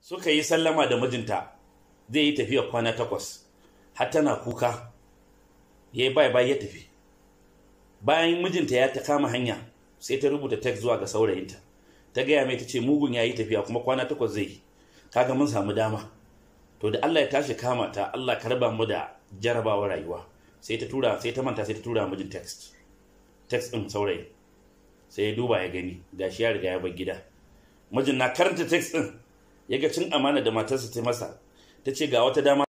suka yi sallama da mijinta zai yi tafiya kwana takwas har tana kuka ya yi bai ya tafi bayan mijinta ya ta kama hanya sai ta rubuta tek zuwa ga saurayinta ta gaya mai ta ce mugun ya yi tafiya kuma kwana takwas zai yi kaga mun samu dama to da Allah ya tashi kama ta Allah karba mu da jarabawar rayuwa sai ta tura sai ta manta sai ta tura mijin text text din saurayi sai ya duba ya gani gashi ya riga ya bar gida mijin na karanta text din ya ga cin amana da matarsa ta masa ta ce ga wata dama